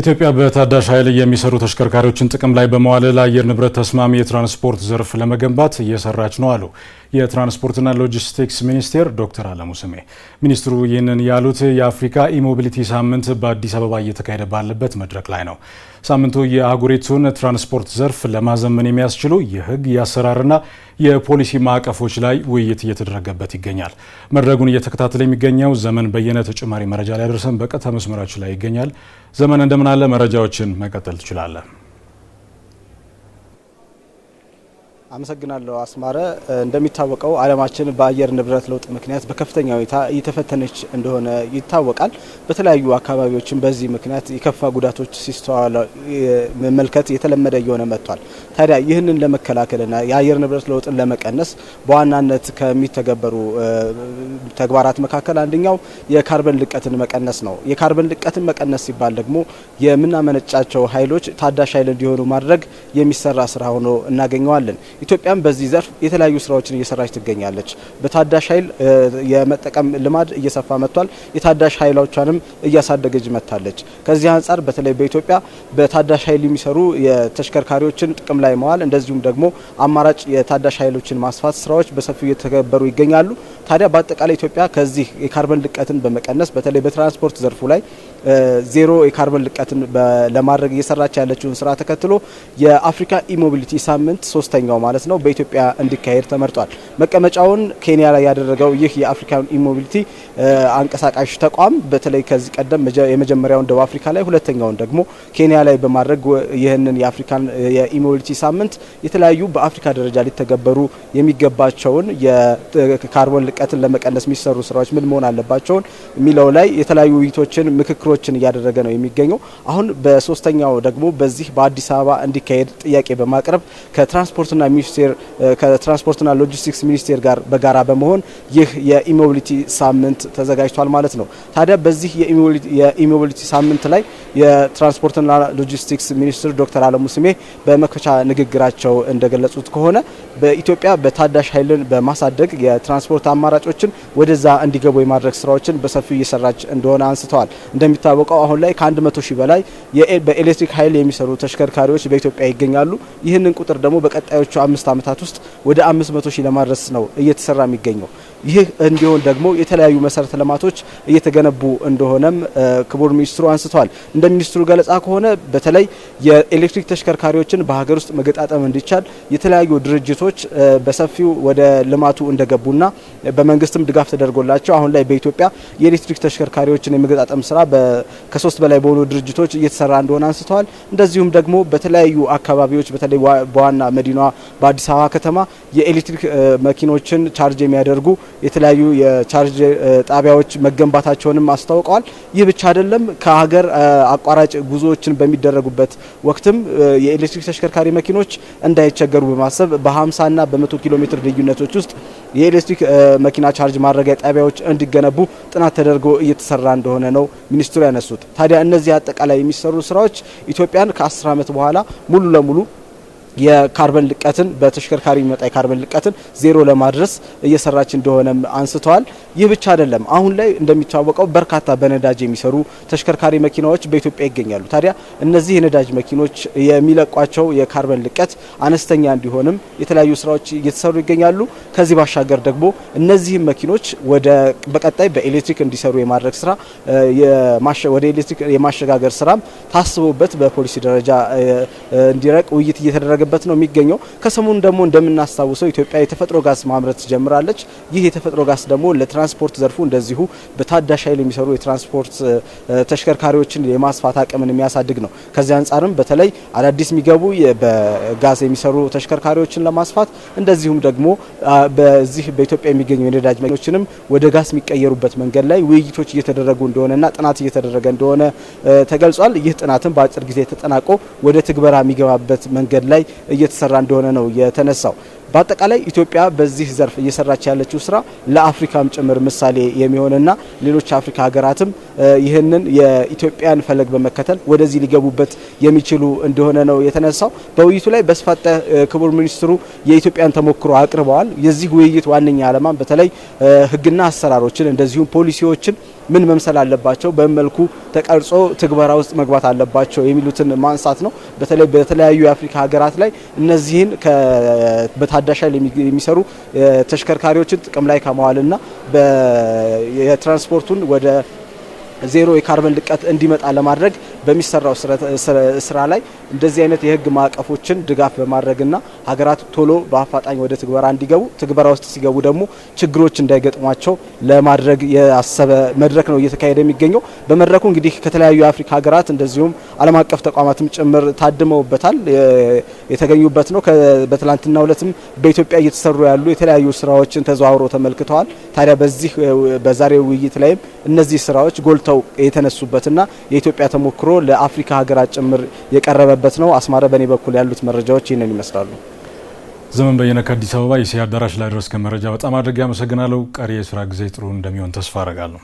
ኢትዮጵያ በታዳሽ ኃይል የሚሰሩ ተሽከርካሪዎችን ጥቅም ላይ በመዋል ለአየር ንብረት ተስማሚ የትራንስፖርት ዘርፍ ለመገንባት እየሰራች ነው አሉ የትራንስፖርትና ሎጂስቲክስ ሚኒስቴር ዶክተር አለሙ ስሜ። ሚኒስትሩ ይህንን ያሉት የአፍሪካ ኢሞቢሊቲ ሳምንት በአዲስ አበባ እየተካሄደ ባለበት መድረክ ላይ ነው። ሳምንቱ የአህጉሪቱን ትራንስፖርት ዘርፍ ለማዘመን የሚያስችሉ የህግ የአሰራርና የፖሊሲ ማዕቀፎች ላይ ውይይት እየተደረገበት ይገኛል። መድረጉን እየተከታተለ የሚገኘው ዘመን በየነ ተጨማሪ መረጃ ላይ ደርሰን በቀጥታ መስመራችን ላይ ይገኛል። ዘመን እንደምን አለ? መረጃዎችን መቀጠል ትችላለን። አመሰግናለሁ አስማረ። እንደሚታወቀው ዓለማችን በአየር ንብረት ለውጥ ምክንያት በከፍተኛ ሁኔታ እየተፈተነች እንደሆነ ይታወቃል። በተለያዩ አካባቢዎችም በዚህ ምክንያት የከፋ ጉዳቶች ሲስተዋሉ መመልከት የተለመደ እየሆነ መጥቷል። ታዲያ ይህንን ለመከላከልና የአየር ንብረት ለውጥን ለመቀነስ በዋናነት ከሚተገበሩ ተግባራት መካከል አንደኛው የካርበን ልቀትን መቀነስ ነው። የካርበን ልቀትን መቀነስ ሲባል ደግሞ የምናመነጫቸው ኃይሎች ታዳሽ ኃይል እንዲሆኑ ማድረግ የሚሰራ ስራ ሆኖ እናገኘዋለን። ኢትዮጵያም በዚህ ዘርፍ የተለያዩ ስራዎችን እየሰራች ትገኛለች። በታዳሽ ኃይል የመጠቀም ልማድ እየሰፋ መጥቷል። የታዳሽ ኃይሎቿንም እያሳደገች መጥታለች። ከዚህ አንጻር በተለይ በኢትዮጵያ በታዳሽ ኃይል የሚሰሩ የተሽከርካሪዎችን ጥቅም ላይ መዋል እንደዚሁም ደግሞ አማራጭ የታዳሽ ኃይሎችን ማስፋት ስራዎች በሰፊው እየተገበሩ ይገኛሉ። ታዲያ በአጠቃላይ ኢትዮጵያ ከዚህ የካርበን ልቀትን በመቀነስ በተለይ በትራንስፖርት ዘርፉ ላይ ዜሮ የካርበን ልቀትን ለማድረግ እየሰራች ያለችውን ስራ ተከትሎ የአፍሪካ ኢሞቢሊቲ ሳምንት ሶስተኛው ማለት ነው በኢትዮጵያ እንዲካሄድ ተመርጧል። መቀመጫውን ኬንያ ላይ ያደረገው ይህ የአፍሪካን ኢሞቢሊቲ አንቀሳቃሽ ተቋም በተለይ ከዚህ ቀደም የመጀመሪያውን ደቡብ አፍሪካ ላይ ሁለተኛውን ደግሞ ኬንያ ላይ በማድረግ ይህንን የአፍሪካን የኢሞቢሊቲ ሳምንት የተለያዩ በአፍሪካ ደረጃ ሊተገበሩ የሚገባቸውን የካርቦን ልቀትን ለመቀነስ የሚሰሩ ስራዎች ምን መሆን አለባቸውን የሚለው ላይ የተለያዩ ውይይቶችን ምክክሮ ምክክሮችን እያደረገ ነው የሚገኘው። አሁን በሶስተኛው ደግሞ በዚህ በአዲስ አበባ እንዲካሄድ ጥያቄ በማቅረብ ከትራንስፖርትና ሚኒስቴር ከትራንስፖርትና ሎጂስቲክስ ሚኒስቴር ጋር በጋራ በመሆን ይህ የኢሞቢሊቲ ሳምንት ተዘጋጅቷል ማለት ነው። ታዲያ በዚህ የኢሞቢሊቲ ሳምንት ላይ የትራንስፖርትና ሎጂስቲክስ ሚኒስትር ዶክተር አለሙ ስሜ በመክፈቻ ንግግራቸው እንደገለጹት ከሆነ በኢትዮጵያ በታዳሽ ኃይልን በማሳደግ የትራንስፖርት አማራጮችን ወደዛ እንዲገቡ የማድረግ ስራዎችን በሰፊው እየሰራች እንደሆነ አንስተዋል። እንደሚታወቀው አሁን ላይ ከ100 ሺህ በላይ በኤሌክትሪክ ኃይል የሚሰሩ ተሽከርካሪዎች በኢትዮጵያ ይገኛሉ። ይህንን ቁጥር ደግሞ በቀጣዮቹ አምስት ዓመታት ውስጥ ወደ 500 ሺህ ለማድረስ ነው እየተሰራ የሚገኘው። ይህ እንዲሆን ደግሞ የተለያዩ መሰረተ ልማቶች እየተገነቡ እንደሆነም ክቡር ሚኒስትሩ አንስተዋል። እንደ ሚኒስትሩ ገለጻ ከሆነ በተለይ የኤሌክትሪክ ተሽከርካሪዎችን በሀገር ውስጥ መገጣጠም እንዲቻል የተለያዩ ድርጅቶች ወጣቶች በሰፊው ወደ ልማቱ እንደገቡና በመንግስትም ድጋፍ ተደርጎላቸው አሁን ላይ በኢትዮጵያ የኤሌክትሪክ ተሽከርካሪዎችን የመገጣጠም ስራ ከሶስት በላይ በሆኑ ድርጅቶች እየተሰራ እንደሆነ አንስተዋል። እንደዚሁም ደግሞ በተለያዩ አካባቢዎች በተለይ በዋና መዲናዋ በአዲስ አበባ ከተማ የኤሌክትሪክ መኪኖችን ቻርጅ የሚያደርጉ የተለያዩ የቻርጅ ጣቢያዎች መገንባታቸውንም አስታውቀዋል። ይህ ብቻ አይደለም። ከሀገር አቋራጭ ጉዞዎችን በሚደረጉበት ወቅትም የኤሌክትሪክ ተሽከርካሪ መኪኖች እንዳይቸገሩ በማሰብ በ በ50ና በ100 ኪሎ ሜትር ልዩነቶች ውስጥ የኤሌክትሪክ መኪና ቻርጅ ማድረጊያ ጣቢያዎች እንዲገነቡ ጥናት ተደርጎ እየተሰራ እንደሆነ ነው ሚኒስትሩ ያነሱት። ታዲያ እነዚህ አጠቃላይ የሚሰሩ ስራዎች ኢትዮጵያን ከ10 ዓመት በኋላ ሙሉ ለሙሉ የካርበን ልቀትን በተሽከርካሪ የሚመጣ የካርበን ልቀትን ዜሮ ለማድረስ እየሰራች እንደሆነም አንስተዋል። ይህ ብቻ አይደለም። አሁን ላይ እንደሚታወቀው በርካታ በነዳጅ የሚሰሩ ተሽከርካሪ መኪናዎች በኢትዮጵያ ይገኛሉ። ታዲያ እነዚህ የነዳጅ መኪኖች የሚለቋቸው የካርበን ልቀት አነስተኛ እንዲሆንም የተለያዩ ስራዎች እየተሰሩ ይገኛሉ። ከዚህ ባሻገር ደግሞ እነዚህም መኪኖች ወደ በቀጣይ በኤሌክትሪክ እንዲሰሩ የማድረግ ስራ ወደ ኤሌክትሪክ የማሸጋገር ስራም ታስቦበት በፖሊሲ ደረጃ እንዲረቅ ውይይት እየተደረገበት ነው የሚገኘው። ከሰሞኑ ደግሞ እንደምናስታውሰው ኢትዮጵያ የተፈጥሮ ጋዝ ማምረት ጀምራለች። ይህ የተፈጥሮ ጋዝ ደግሞ በትራንስፖርት ዘርፉ እንደዚሁ በታዳሽ ኃይል የሚሰሩ የትራንስፖርት ተሽከርካሪዎችን የማስፋት አቅምን የሚያሳድግ ነው። ከዚህ አንጻርም በተለይ አዳዲስ የሚገቡ በጋዝ የሚሰሩ ተሽከርካሪዎችን ለማስፋት እንደዚሁም ደግሞ በዚህ በኢትዮጵያ የሚገኙ የነዳጅ መኪኖችንም ወደ ጋዝ የሚቀየሩበት መንገድ ላይ ውይይቶች እየተደረጉ እንደሆነና ጥናት እየተደረገ እንደሆነ ተገልጿል። ይህ ጥናትም በአጭር ጊዜ ተጠናቆ ወደ ትግበራ የሚገባበት መንገድ ላይ እየተሰራ እንደሆነ ነው የተነሳው። በአጠቃላይ ኢትዮጵያ በዚህ ዘርፍ እየሰራች ያለችው ስራ ለአፍሪካም ጭምር ምሳሌ የሚሆንና ሌሎች አፍሪካ ሀገራትም ይህንን የኢትዮጵያን ፈለግ በመከተል ወደዚህ ሊገቡበት የሚችሉ እንደሆነ ነው የተነሳው። በውይይቱ ላይ በስፋት ክቡር ሚኒስትሩ የኢትዮጵያን ተሞክሮ አቅርበዋል። የዚህ ውይይት ዋነኛ ዓላማም በተለይ ህግና አሰራሮችን እንደዚሁም ፖሊሲዎችን ምን መምሰል አለባቸው፣ በምን መልኩ ተቀርጾ ትግበራ ውስጥ መግባት አለባቸው የሚሉትን ማንሳት ነው። በተለይ በተለያዩ የአፍሪካ ሀገራት ላይ እነዚህን በታዳሽ ኃይል የሚሰሩ ተሽከርካሪዎችን ጥቅም ላይ ከመዋልና የትራንስፖርቱን ወደ ዜሮ የካርበን ልቀት እንዲመጣ ለማድረግ በሚሰራው ስራ ላይ እንደዚህ አይነት የህግ ማዕቀፎችን ድጋፍ በማድረግና ሀገራት ቶሎ በአፋጣኝ ወደ ትግበራ እንዲገቡ ትግበራ ውስጥ ሲገቡ ደግሞ ችግሮች እንዳይገጥሟቸው ለማድረግ ያሰበ መድረክ ነው እየተካሄደ የሚገኘው። በመድረኩ እንግዲህ ከተለያዩ የአፍሪካ ሀገራት እንደዚሁም ዓለም አቀፍ ተቋማትም ጭምር ታድመውበታል የተገኙበት ነው። በትላንትና ሁለትም በኢትዮጵያ እየተሰሩ ያሉ የተለያዩ ስራዎችን ተዘዋውሮ ተመልክተዋል። ታዲያ በዚህ በዛሬው ውይይት ላይም እነዚህ ስራዎች ጎልተው የተነሱበትና የኢትዮጵያ ተሞክሮ ጨምሮ ለአፍሪካ ሀገራት ጭምር የቀረበበት ነው። አስማረ፣ በእኔ በኩል ያሉት መረጃዎች ይህንን ይመስላሉ። ዘመን በየነ ከአዲስ አበባ የሴ አዳራሽ ላይ ድረስ ከመረጃ በጣም አድርጌ አመሰግናለሁ። ቀሪ የስራ ጊዜ ጥሩ እንደሚሆን ተስፋ አረጋለሁ።